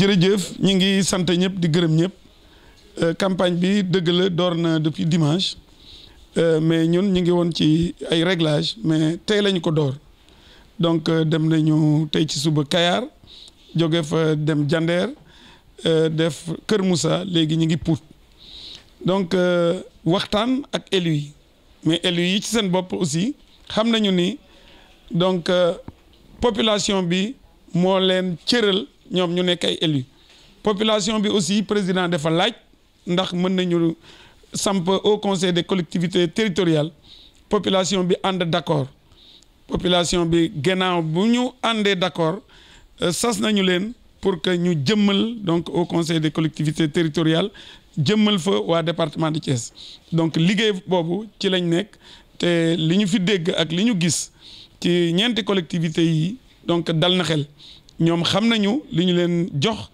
jërëjëf ñu ngi sant ñëpp di gërëm ñëpp euh, campagne bi dëgg la door na depuis dimanche euh, mais ñun ñu ngi woon ci ay réglages mais tey lañu ko door donc euh, dem nañu tey ci suba Kayar jóge fa dem Jandeer def Kër Moussa léegi ñu ngi Pout donc waxtaan ak élus yi mais élus yi ci seen bopp aussi xam nañu ni donc population bi moo leen cëral. ñoom ñu nekk ay élus population bi aussi président defa laaj ndax mën nañu samp au conseil des collectivité territoriales population bi ànd d'accord population bi gannaaw bu ñu àndee d'accord euh, sas nañu leen pour que ñu jëmmal donc au conseil des collectivités territoriales jëmmal fa waa département de Thiès donc liggéey boobu ci lañ nekk te li ñu fi dégg ak li ñu gis ci ñeenti collectivités yi donc dal na xel ñoom xam nañu li ñu leen jox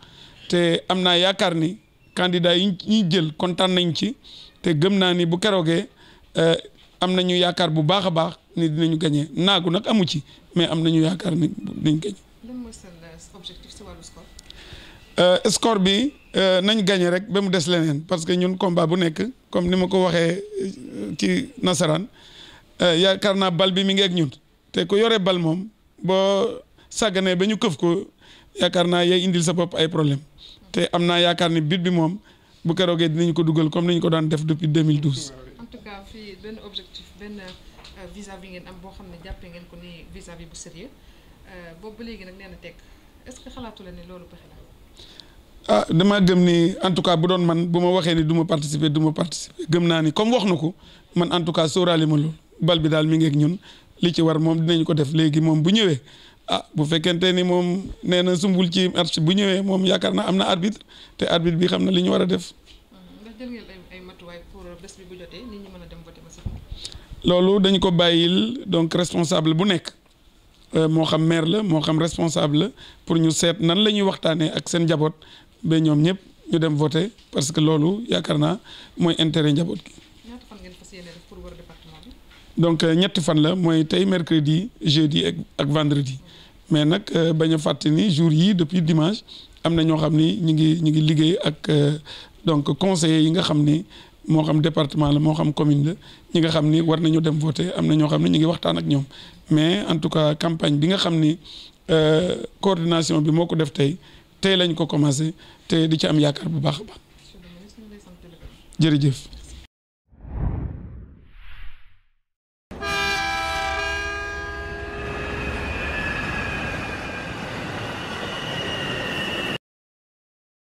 te am naa yaakaar ni candidat yi ñu jël kontaan nañ ci te gëm naa ni bu karoogee euh, am nañu yaakaar bu baax a baax ni dinañu gañee naagu nag amu ci mais am nañu yaakaar ni dinañ gañe. lan mooy euh, euh, nañ gañe rek ba mu des leneen parce que ñun combat bu nekk comme ni ma ko waxee ci nasaraan yaakaar naa bal bi mi ngi ak ñun te ku yore bal moom boo. sàgganee ba ñu këf ko yaakaar naa yay indil sa bopp ay problème te am naa yaakaar ni bit bi moom bu keroogee dinañ ko dugal comme niñ ko daan def depuis 2012. en tout cas fii benn objectif euh, ngeen am boo xam ne ko ni vis-à-vis bu sérieux euh, na teg est loolu ah, ni en tout cas bu doon man bu ma waxee ni du ma participer du ma participer gëm naa ni comme wax na ko man en tout cas sóoraale ma loolu bal bi daal mi ngi ñun li ci war moom dinañ ko def léegi moom bu ñëwee ah bu fekkente ni moom nee na sumbul ci match bu ñëwee moom yaakaar naa am na arbitre te arbitre bi xam na li ñu war a def. loolu dañ ko bàyyil donc responsable bu nekk euh, moo xam maire la moo xam responsable pour ñu seet nan la ñuy waxtaanee ak seen njaboot ba ñoom ñëpp ñu dem voter parce que loolu yaakaar naa mooy intérêt njaboot gi. donc euh, ñetti fan la mooy tey mercredi jeudi ak vendredi mais nag euh, bañ a fàtte ni jour yii depuis dimanche am na ñoo xam ni ñu ngi ñu ngi liggéey ak euh, donc conseillers yi nga xam ni moo xam département la moo xam commune la ñi nga xam ni war nañu dem voter am na ñoo xam ne ñu ngi waxtaan ak ñoom mais en tout cas campagne bi nga xam ni coordination bi moo ko def tey tey lañ ko commencé te di ci am yaakaar bu baax a baax jërëjëf